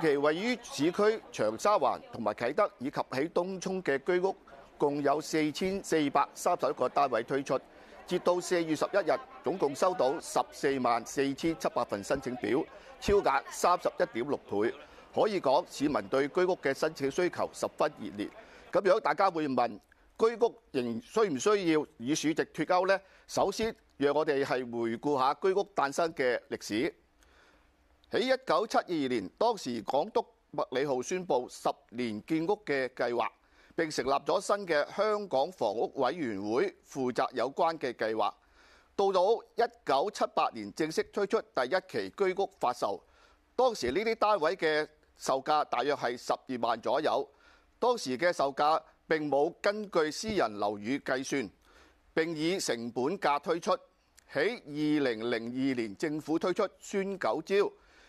期位於市區長沙環同埋啟德以及喺東涌嘅居屋，共有四千四百三十一個單位推出。截至到四月十一日，總共收到十四萬四千七百份申請表，超額三十一點六倍。可以講，市民對居屋嘅申請需求十分熱烈。咁樣大家會問居屋仍需唔需要以市值脫鈎呢？首先，讓我哋係回顧下居屋誕生嘅歷史。喺一九七二年，當時港督麥理浩宣布十年建屋嘅計劃，並成立咗新嘅香港房屋委員會負責有關嘅計劃。到到一九七八年正式推出第一期居屋發售，當時呢啲單位嘅售價大約係十二萬左右。當時嘅售價並冇根據私人樓宇計算，並以成本價推出。喺二零零二年，政府推出孫九招。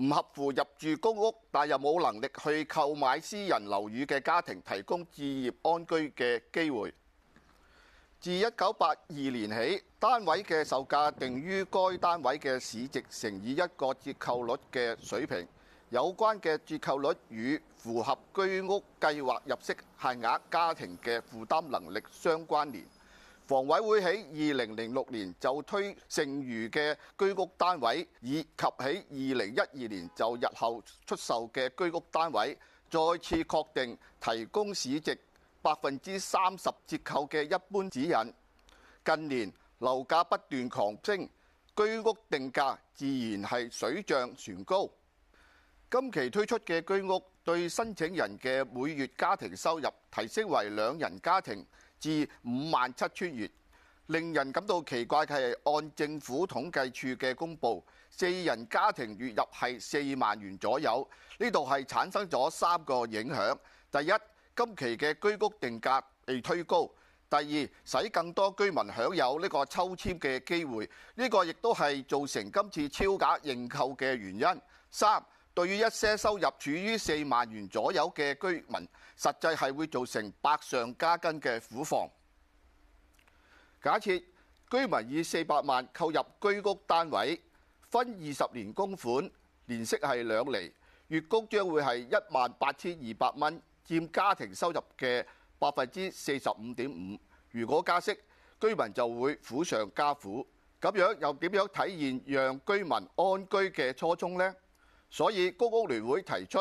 唔合乎入住公屋，但又冇能力去購買私人樓宇嘅家庭，提供置業安居嘅機會。自一九八二年起，單位嘅售價定於該單位嘅市值乘以一個折扣率嘅水平，有關嘅折扣率與符合居屋計劃入息限額家庭嘅負擔能力相關聯。房委會喺2006年就推剩餘嘅居屋單位，以及喺2012年就日後出售嘅居屋單位，再次確定提供市值百分之三十折扣嘅一般指引。近年樓價不斷狂升，居屋定價自然係水漲船高。今期推出嘅居屋對申請人嘅每月家庭收入提升為兩人家庭，至五萬七千元，令人感到奇怪嘅係按政府統計處嘅公佈，四人家庭月入係四萬元左右。呢度係產生咗三個影響：第一，今期嘅居屋定價被推高；第二，使更多居民享有呢個抽籤嘅機會，呢、呢個亦都係造成今次超額認購嘅原因。三對於一些收入處於四萬元左右嘅居民，實際係會造成百上加斤嘅苦況。假設居民以四百萬購入居屋單位，分二十年供款，年息係兩厘，月供將會係一萬八千二百蚊，佔家庭收入嘅百分之四十五點五。如果加息，居民就會苦上加苦。咁樣又點樣體現讓居民安居嘅初衷呢？所以公屋聯會提出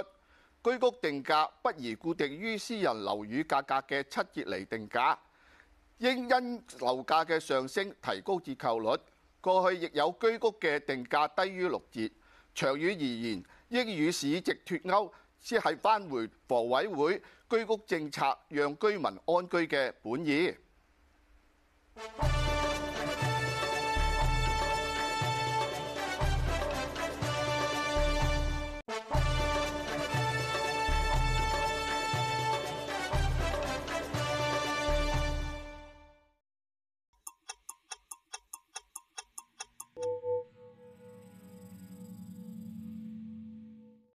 居屋定價不宜固定於私人樓宇價格嘅七折嚟定價，應因樓價嘅上升提高折扣率。過去亦有居屋嘅定價低於六折，長遠而言，應與市值脫勾，先係返回房委會居屋政策，讓居民安居嘅本意。